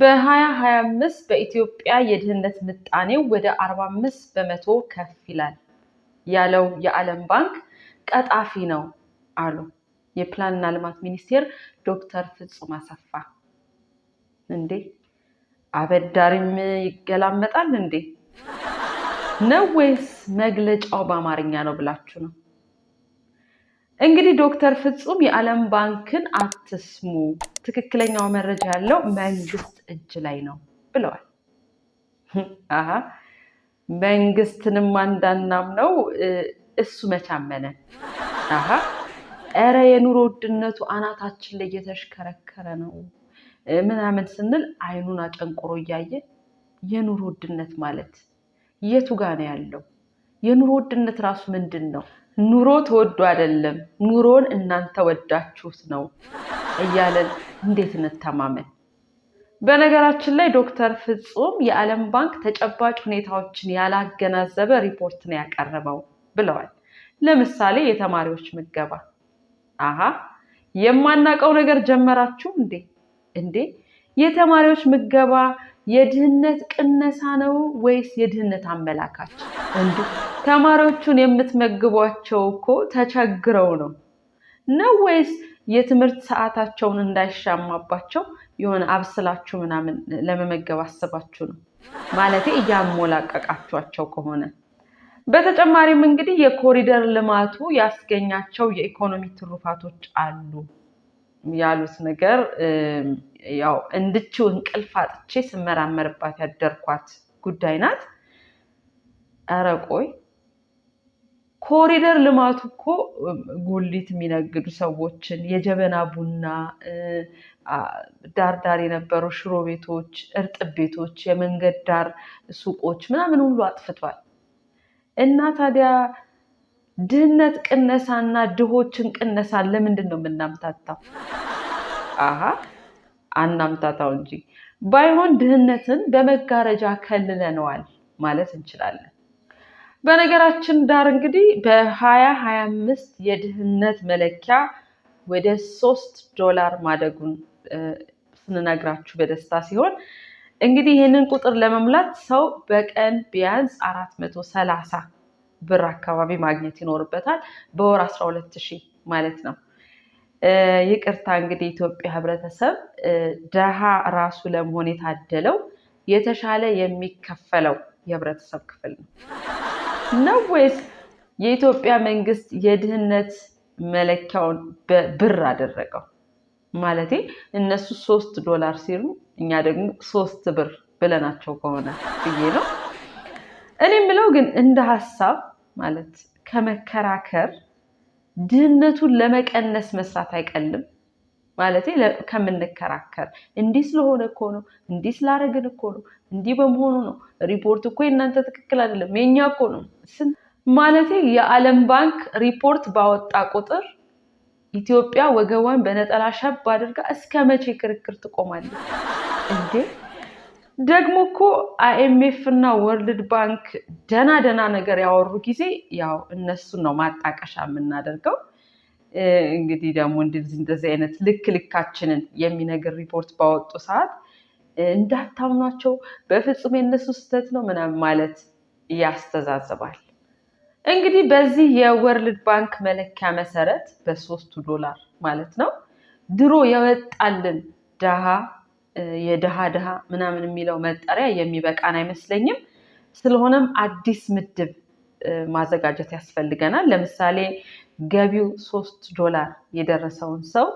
በ2025 በኢትዮጵያ የድህነት ምጣኔው ወደ 45 በመቶ ከፍ ይላል ያለው የዓለም ባንክ ቀጣፊ ነው አሉ የፕላንና ልማት ሚኒስቴር ዶክተር ፍጹም አሰፋ። እንዴ አበዳሪም ይገላመጣል እንዴ ነው ወይስ መግለጫው በአማርኛ ነው ብላችሁ ነው? እንግዲህ ዶክተር ፍጹም የዓለም ባንክን አትስሙ ትክክለኛው መረጃ ያለው መንግስት እጅ ላይ ነው ብለዋል። አሀ መንግስትንም አንዳናም ነው እሱ መቻመነ አሀ ኧረ የኑሮ ውድነቱ አናታችን ላይ እየተሽከረከረ ነው ምናምን ስንል አይኑን አጨንቆሮ እያየ የኑሮ ውድነት ማለት የቱ ጋ ነው ያለው? የኑሮ ውድነት ራሱ ምንድን ነው? ኑሮ ተወዶ አይደለም ኑሮን እናንተ ወዳችሁት ነው እያለን እንዴት እንተማመን? በነገራችን ላይ ዶክተር ፍጹም የዓለም ባንክ ተጨባጭ ሁኔታዎችን ያላገናዘበ ሪፖርት ነው ያቀረበው ብለዋል። ለምሳሌ የተማሪዎች ምገባ። አሃ የማናውቀው ነገር ጀመራችሁ እንዴ? እንዴ የተማሪዎች ምገባ የድህነት ቅነሳ ነው ወይስ የድህነት አመላካች? እንዲ ተማሪዎቹን የምትመግቧቸው እኮ ተቸግረው ነው ነው ወይስ የትምህርት ሰዓታቸውን እንዳይሻማባቸው የሆነ አብስላችሁ ምናምን ለመመገብ አስባችሁ ነው ማለቴ እያሞላቀቃችኋቸው ከሆነ በተጨማሪም እንግዲህ የኮሪደር ልማቱ ያስገኛቸው የኢኮኖሚ ትሩፋቶች አሉ ያሉት ነገር ያው እንድችው እንቅልፍ አጥቼ ስመራመርባት ያደርኳት ጉዳይ ናት። ኧረ ቆይ ኮሪደር ልማቱ እኮ ጉሊት የሚነግዱ ሰዎችን የጀበና ቡና ዳር ዳር የነበሩ ሽሮ ቤቶች፣ እርጥብ ቤቶች፣ የመንገድ ዳር ሱቆች ምናምን ሁሉ አጥፍቷል። እና ታዲያ ድህነት ቅነሳና ድሆችን ቅነሳን ለምንድን ነው የምናምታታው? አሀ አናምታታው እንጂ ባይሆን ድህነትን በመጋረጃ ከልለነዋል ማለት እንችላለን። በነገራችን ዳር እንግዲህ በ2025 የድህነት መለኪያ ወደ ሶስት ዶላር ማደጉን ስንነግራችሁ በደስታ ሲሆን እንግዲህ ይህንን ቁጥር ለመሙላት ሰው በቀን ቢያንስ 430 ብር አካባቢ ማግኘት ይኖርበታል። በወር 12 ሺህ ማለት ነው። ይቅርታ እንግዲህ የኢትዮጵያ ህብረተሰብ ደሃ ራሱ ለመሆን የታደለው የተሻለ የሚከፈለው የህብረተሰብ ክፍል ነው። ነው ወይስ የኢትዮጵያ መንግስት የድህነት መለኪያውን በብር አደረገው? ማለቴ እነሱ ሶስት ዶላር ሲሉ እኛ ደግሞ ሶስት ብር ብለናቸው ከሆነ ብዬ ነው። እኔም ብለው ግን እንደ ሀሳብ ማለት ከመከራከር ድህነቱን ለመቀነስ መስራት አይቀልም? ማለት ከምንከራከር እንዲህ ስለሆነ እኮ ነው፣ እንዲህ ስላደረግን እኮ ነው፣ እንዲህ በመሆኑ ነው፣ ሪፖርት እኮ የእናንተ ትክክል አይደለም የኛ እኮ ነው ማለት የዓለም ባንክ ሪፖርት ባወጣ ቁጥር ኢትዮጵያ ወገቧን በነጠላ ሸብ አድርጋ እስከ መቼ ክርክር ትቆማለች እንዴ? ደግሞ እኮ አይኤምኤፍ እና ወርልድ ባንክ ደና ደና ነገር ያወሩ ጊዜ ያው እነሱን ነው ማጣቀሻ የምናደርገው። እንግዲህ ደግሞ እንደዚህ እንደዚህ አይነት ልክ ልካችንን የሚነግር ሪፖርት ባወጡ ሰዓት እንዳታምኗቸው በፍጹም የነሱ ስህተት ነው ምናምን ማለት ያስተዛዝባል። እንግዲህ በዚህ የወርልድ ባንክ መለኪያ መሰረት በሶስቱ ዶላር ማለት ነው ድሮ የወጣልን ድሃ የድሃ ድሃ ምናምን የሚለው መጠሪያ የሚበቃን አይመስለኝም። ስለሆነም አዲስ ምድብ ማዘጋጀት ያስፈልገናል። ለምሳሌ ገቢው ሶስት ዶላር የደረሰውን ሰው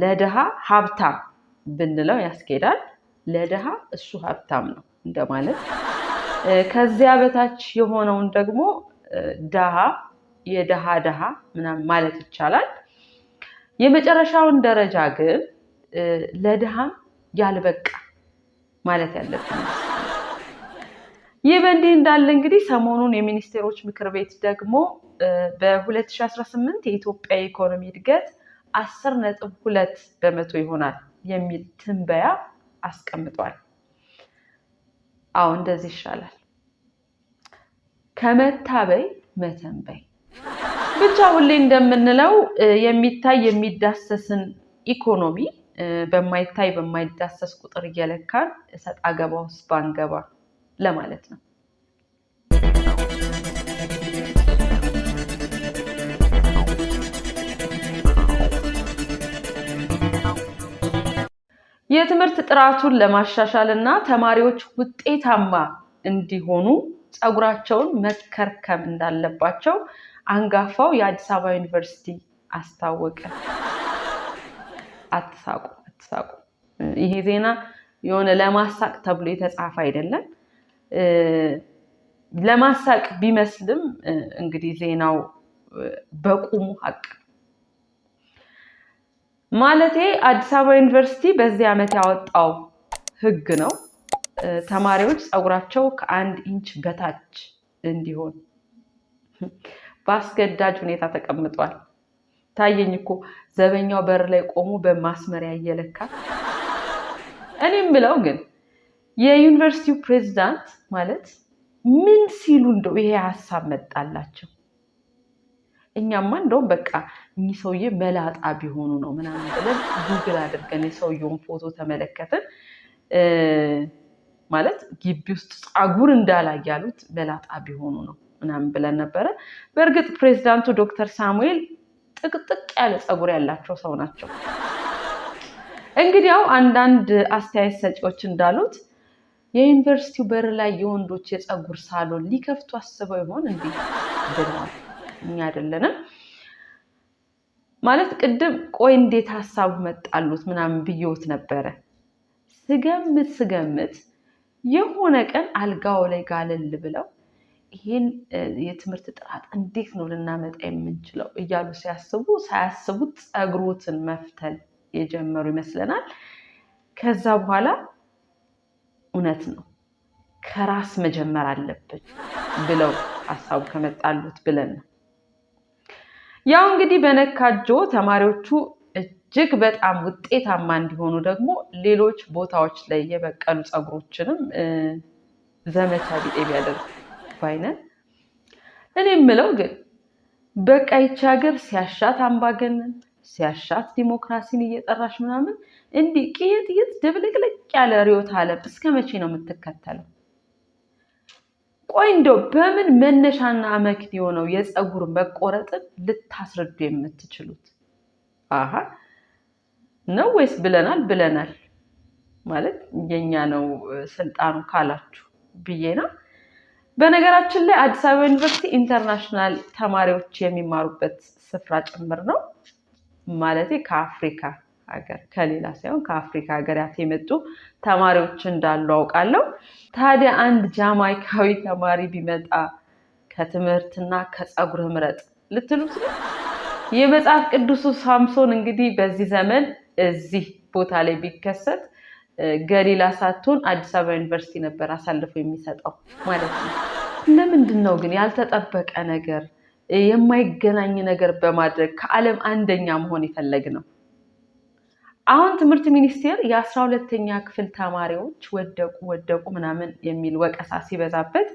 ለድሃ ሀብታም ብንለው ያስኬዳል። ለድሃ እሱ ሀብታም ነው እንደማለት። ከዚያ በታች የሆነውን ደግሞ ድሃ፣ የድሃ ድሃ ምናምን ማለት ይቻላል። የመጨረሻውን ደረጃ ግን ለድሃም ያልበቃ ማለት ያለብን። ይህ በእንዲህ እንዳለ እንግዲህ ሰሞኑን የሚኒስቴሮች ምክር ቤት ደግሞ በ2018 የኢትዮጵያ የኢኮኖሚ እድገት 10 ነጥብ 2 በመቶ ይሆናል የሚል ትንበያ አስቀምጧል። አዎ እንደዚህ ይሻላል ከመታበይ መተንበይ። ብቻ ሁሌ እንደምንለው የሚታይ የሚዳሰስን ኢኮኖሚ በማይታይ በማይዳሰስ ቁጥር እየለካን እሰጥ አገባ ውስጥ ባንገባ ለማለት ነው። የትምህርት ጥራቱን ለማሻሻል እና ተማሪዎች ውጤታማ እንዲሆኑ ፀጉራቸውን መከርከም እንዳለባቸው አንጋፋው የአዲስ አበባ ዩኒቨርሲቲ አስታወቀ። አትሳቁ አትሳቁ። ይሄ ዜና የሆነ ለማሳቅ ተብሎ የተጻፈ አይደለም። ለማሳቅ ቢመስልም እንግዲህ ዜናው በቁሙ ሀቅ ማለቴ አዲስ አበባ ዩኒቨርሲቲ በዚህ ዓመት ያወጣው ህግ ነው። ተማሪዎች ፀጉራቸው ከአንድ ኢንች በታች እንዲሆን በአስገዳጅ ሁኔታ ተቀምጧል። ታየኝ እኮ ዘበኛው በር ላይ ቆሞ በማስመሪያ እየለካ። እኔም ብለው ግን የዩኒቨርሲቲው ፕሬዚዳንት ማለት ምን ሲሉ እንደው ይሄ ሀሳብ መጣላቸው? እኛማ እንደውም በቃ እኚህ ሰውዬ መላጣ ቢሆኑ ነው ምናምን ብለን ጉግል አድርገን የሰውየውን ፎቶ ተመለከትን። ማለት ግቢ ውስጥ ጸጉር እንዳላይ ያሉት መላጣ ቢሆኑ ነው ምናምን ብለን ነበረ። በእርግጥ ፕሬዚዳንቱ ዶክተር ሳሙኤል ጥቅጥቅ ያለ ጸጉር ያላቸው ሰው ናቸው። እንግዲያው አንዳንድ አስተያየት ሰጪዎች እንዳሉት የዩኒቨርሲቲው በር ላይ የወንዶች የጸጉር ሳሎን ሊከፍቱ አስበው ይሆን እንዲህ ብለዋል። እኛ አይደለንም። ማለት ቅድም ቆይ እንዴት ሀሳቡ መጣሉት ምናምን ብየውት ነበረ። ስገምት ስገምት የሆነ ቀን አልጋው ላይ ጋለል ብለው ይህን የትምህርት ጥራት እንዴት ነው ልናመጣ የምንችለው እያሉ ሲያስቡ ሳያስቡት ፀጉሮትን መፍተል የጀመሩ ይመስለናል። ከዛ በኋላ እውነት ነው ከራስ መጀመር አለብን ብለው ሀሳቡ ከመጣሉት ብለን ነው ያው እንግዲህ በነካጆ ተማሪዎቹ እጅግ በጣም ውጤታማ እንዲሆኑ ደግሞ ሌሎች ቦታዎች ላይ የበቀሉ ፀጉሮችንም ዘመቻ ቢጤ ቢያደርጉ ባይነን። እኔ የምለው ግን በቃ ይቺ ሀገር ሲያሻት አምባገነን ሲያሻት ዲሞክራሲን እየጠራሽ ምናምን እንዲህ ቅየጥ ቅየጥ ድብልቅልቅ ያለ ርዕዮተ ዓለም እስከ መቼ ነው የምትከተለው? ቆይ እንደው በምን መነሻና መክንዮ የሆነው የፀጉር መቆረጥን ልታስረዱ የምትችሉት? አሀ ነው ወይስ ብለናል ብለናል ማለት የኛ ነው ስልጣኑ ካላችሁ ብዬ ነው። በነገራችን ላይ አዲስ አበባ ዩኒቨርሲቲ ኢንተርናሽናል ተማሪዎች የሚማሩበት ስፍራ ጭምር ነው። ማለት ከአፍሪካ ሀገር ከሌላ ሳይሆን ከአፍሪካ ሀገራት የመጡ ተማሪዎች እንዳሉ አውቃለሁ። ታዲያ አንድ ጃማይካዊ ተማሪ ቢመጣ ከትምህርትና ከፀጉር ምረጥ ልትሉ የመጽሐፍ ቅዱሱ ሳምሶን እንግዲህ በዚህ ዘመን እዚህ ቦታ ላይ ቢከሰት ገሊላ ሳትሆን አዲስ አበባ ዩኒቨርሲቲ ነበር አሳልፎ የሚሰጠው ማለት ነው። ለምንድን ነው ግን ያልተጠበቀ ነገር የማይገናኝ ነገር በማድረግ ከዓለም አንደኛ መሆን የፈለግ ነው? አሁን ትምህርት ሚኒስቴር የአስራ ሁለተኛ ክፍል ተማሪዎች ወደቁ ወደቁ ምናምን የሚል ወቀሳ ሲበዛበት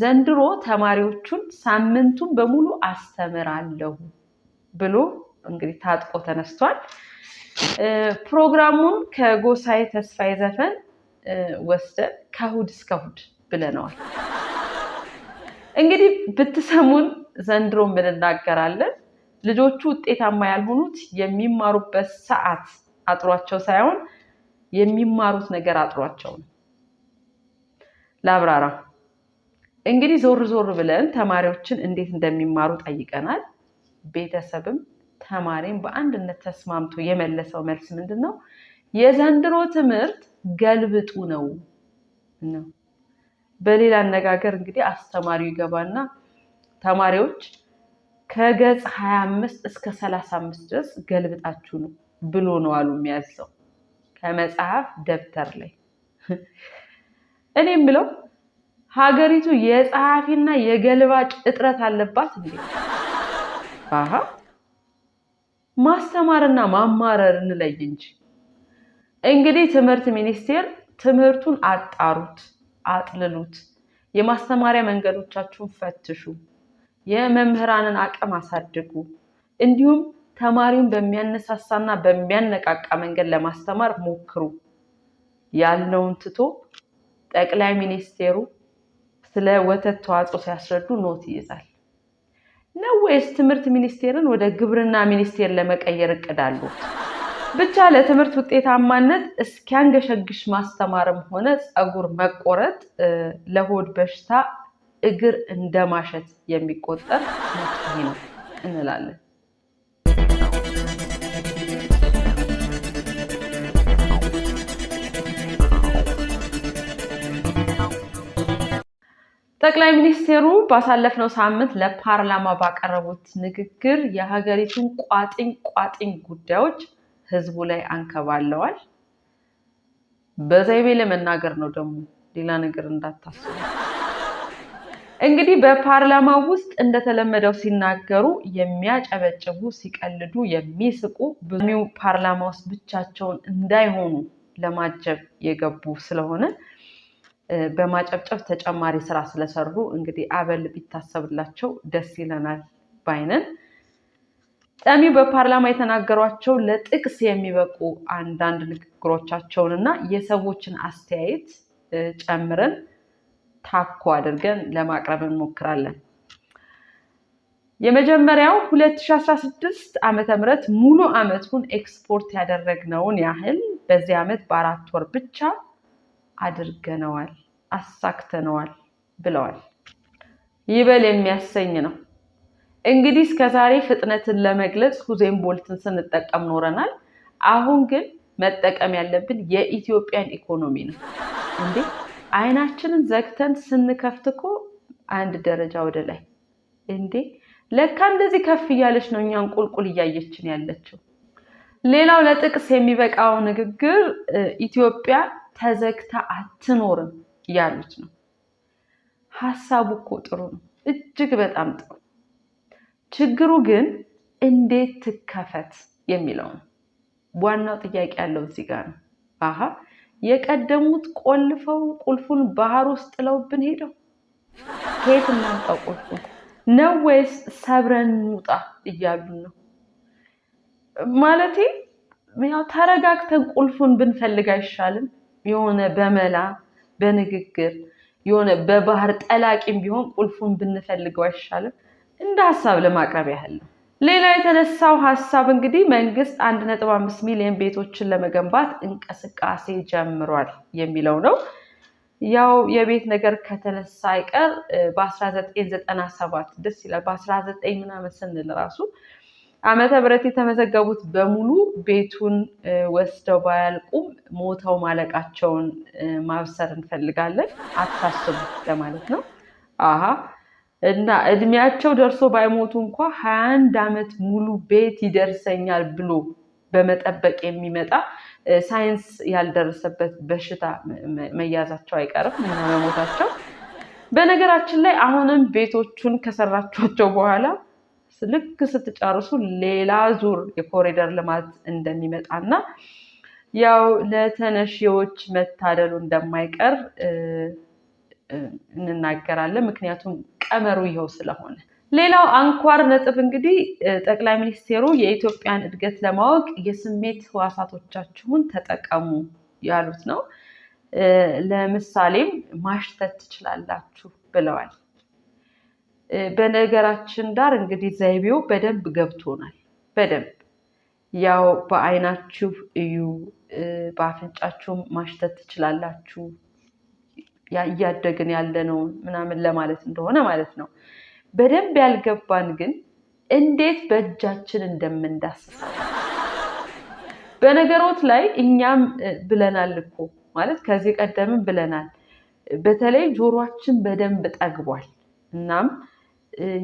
ዘንድሮ ተማሪዎቹን ሳምንቱን በሙሉ አስተምራለሁ ብሎ እንግዲህ ታጥቆ ተነስቷል። ፕሮግራሙን ከጎሳዬ ተስፋዬ ዘፈን ወስደን ከሁድ እስከ እሑድ ብለነዋል። እንግዲህ ብትሰሙን ዘንድሮ ምን ልጆቹ ውጤታማ ያልሆኑት የሚማሩበት ሰዓት አጥሯቸው ሳይሆን የሚማሩት ነገር አጥሯቸው ነው። ላብራራ። እንግዲህ ዞር ዞር ብለን ተማሪዎችን እንዴት እንደሚማሩ ጠይቀናል። ቤተሰብም ተማሪም በአንድነት ተስማምቶ የመለሰው መልስ ምንድን ነው? የዘንድሮ ትምህርት ገልብጡ ነው ነው። በሌላ አነጋገር እንግዲህ አስተማሪው ይገባና ተማሪዎች ከገጽ 25 እስከ 35 ድረስ ገልብጣችሁ ነው ብሎ ነው አሉ የሚያዘው ከመጽሐፍ ደብተር ላይ። እኔ የምለው ሀገሪቱ የጸሐፊና የገልባጭ እጥረት አለባት እንዴ? አሀ ማስተማርና ማማረር እንለይ እንጂ። እንግዲህ ትምህርት ሚኒስቴር ትምህርቱን አጣሩት፣ አጥልሉት፣ የማስተማሪያ መንገዶቻችሁን ፈትሹ፣ የመምህራንን አቅም አሳድጉ እንዲሁም ተማሪውን በሚያነሳሳና በሚያነቃቃ መንገድ ለማስተማር ሞክሩ ያልነውን ትቶ ጠቅላይ ሚኒስቴሩ ስለ ወተት ተዋጽኦ ሲያስረዱ ኖት ይይዛል ነው ወይስ ትምህርት ሚኒስቴርን ወደ ግብርና ሚኒስቴር ለመቀየር እቅድ አሉ? ብቻ ለትምህርት ውጤታማነት እስኪያንገሸግሽ ማስተማርም ሆነ ፀጉር መቆረጥ ለሆድ በሽታ እግር እንደማሸት የሚቆጠር መፍትሄ ነው እንላለን። ጠቅላይ ሚኒስትሩ ባሳለፍነው ሳምንት ለፓርላማ ባቀረቡት ንግግር የሀገሪቱን ቋጥኝ ቋጥኝ ጉዳዮች ህዝቡ ላይ አንከባለዋል። በዘይቤ ለመናገር ነው ደግሞ ሌላ ነገር እንዳታስቡ። እንግዲህ በፓርላማ ውስጥ እንደተለመደው ሲናገሩ የሚያጨበጭቡ፣ ሲቀልዱ፣ የሚስቁ ብዙ ፓርላማ ውስጥ ብቻቸውን እንዳይሆኑ ለማጀብ የገቡ ስለሆነ በማጨብጨብ ተጨማሪ ስራ ስለሰሩ እንግዲህ አበል ቢታሰብላቸው ደስ ይለናል ባይነን። ጠሚው በፓርላማ የተናገሯቸው ለጥቅስ የሚበቁ አንዳንድ ንግግሮቻቸውን እና የሰዎችን አስተያየት ጨምረን ታኮ አድርገን ለማቅረብ እንሞክራለን። የመጀመሪያው 2016 ዓ ም ሙሉ ዓመቱን ኤክስፖርት ያደረግነውን ያህል በዚህ ዓመት በአራት ወር ብቻ አድርገነዋል፣ አሳክተነዋል ብለዋል። ይበል የሚያሰኝ ነው። እንግዲህ እስከዛሬ ፍጥነትን ለመግለጽ ሁሴን ቦልትን ስንጠቀም ኖረናል። አሁን ግን መጠቀም ያለብን የኢትዮጵያን ኢኮኖሚ ነው። እንዴ አይናችንን ዘግተን ስንከፍት እኮ አንድ ደረጃ ወደ ላይ እንዴ ለካ እንደዚህ ከፍ እያለች ነው እኛን ቁልቁል እያየችን ያለችው። ሌላው ለጥቅስ የሚበቃው ንግግር ኢትዮጵያ ተዘግታ አትኖርም ያሉት ነው። ሀሳቡ እኮ ጥሩ ነው፣ እጅግ በጣም ጥሩ። ችግሩ ግን እንዴት ትከፈት የሚለው ነው። ዋናው ጥያቄ ያለው እዚህ ጋር ነው። አሀ የቀደሙት ቆልፈው ቁልፉን ባህር ውስጥ ጥለውብን ሄደው ከየት እናምጣው ቁልፉን ነው ወይስ ሰብረን እንውጣ እያሉን ነው? ማለቴ ያው ተረጋግተን ቁልፉን ብንፈልግ አይሻልም? የሆነ በመላ በንግግር የሆነ በባህር ጠላቂም ቢሆን ቁልፉን ብንፈልገው አይሻልም? እንደ ሀሳብ ለማቅረብ ያህል ነው። ሌላ የተነሳው ሀሳብ እንግዲህ መንግስት አምስት ሚሊዮን ቤቶችን ለመገንባት እንቅስቃሴ ጀምሯል የሚለው ነው። ያው የቤት ነገር ከተነሳ አይቀር በ1997 ደስ ይላል በ19 ምናምን ስንል ራሱ ዓመተ ምሕረት የተመዘገቡት በሙሉ ቤቱን ወስደው ባያልቁም ሞተው ማለቃቸውን ማብሰር እንፈልጋለን። አታስቡ ለማለት ነው። አሀ እና እድሜያቸው ደርሶ ባይሞቱ እንኳ ሀያ አንድ ዓመት ሙሉ ቤት ይደርሰኛል ብሎ በመጠበቅ የሚመጣ ሳይንስ ያልደረሰበት በሽታ መያዛቸው አይቀርም እና መሞታቸው። በነገራችን ላይ አሁንም ቤቶቹን ከሰራችኋቸው በኋላ ልክ ስትጨርሱ ሌላ ዙር የኮሪደር ልማት እንደሚመጣና ያው ለተነሺዎች መታደሉ እንደማይቀር እንናገራለን። ምክንያቱም ቀመሩ ይኸው ስለሆነ። ሌላው አንኳር ነጥብ እንግዲህ ጠቅላይ ሚኒስቴሩ የኢትዮጵያን እድገት ለማወቅ የስሜት ህዋሳቶቻችሁን ተጠቀሙ ያሉት ነው። ለምሳሌም ማሽተት ትችላላችሁ ብለዋል። በነገራችን ዳር እንግዲህ ዘይቤው በደንብ ገብቶናል። በደንብ ያው በአይናችሁ እዩ፣ በአፍንጫችሁ ማሽተት ትችላላችሁ እያደግን ያለነውን ምናምን ለማለት እንደሆነ ማለት ነው። በደንብ ያልገባን ግን እንዴት በእጃችን እንደምንዳስሳል። በነገሮት ላይ እኛም ብለናል እኮ ማለት ከዚህ ቀደምም ብለናል። በተለይ ጆሯችን በደንብ ጠግቧል እናም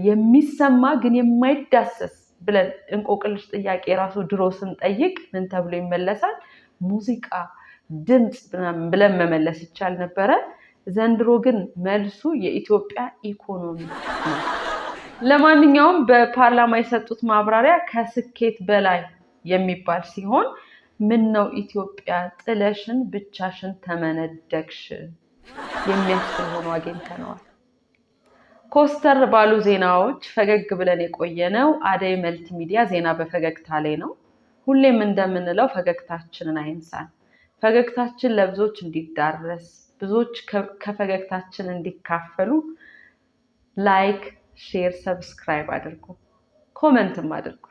የሚሰማ ግን የማይዳሰስ ብለን እንቆቅልሽ ጥያቄ የራሱ ድሮ ስንጠይቅ ምን ተብሎ ይመለሳል? ሙዚቃ፣ ድምፅ ብለን መመለስ ይቻል ነበረ። ዘንድሮ ግን መልሱ የኢትዮጵያ ኢኮኖሚ ነው። ለማንኛውም በፓርላማ የሰጡት ማብራሪያ ከስኬት በላይ የሚባል ሲሆን ምን ነው ኢትዮጵያ ጥለሽን ብቻሽን ተመነደግሽ የሚያስችል ሆኖ አግኝተነዋል። ኮስተር ባሉ ዜናዎች ፈገግ ብለን የቆየነው አደይ መልቲ ሚዲያ ዜና በፈገግታ ላይ ነው። ሁሌም እንደምንለው ፈገግታችንን አይንሳን። ፈገግታችን ለብዙዎች እንዲዳረስ፣ ብዙዎች ከፈገግታችን እንዲካፈሉ ላይክ፣ ሼር፣ ሰብስክራይብ አድርጉ፣ ኮመንትም አድርጉ።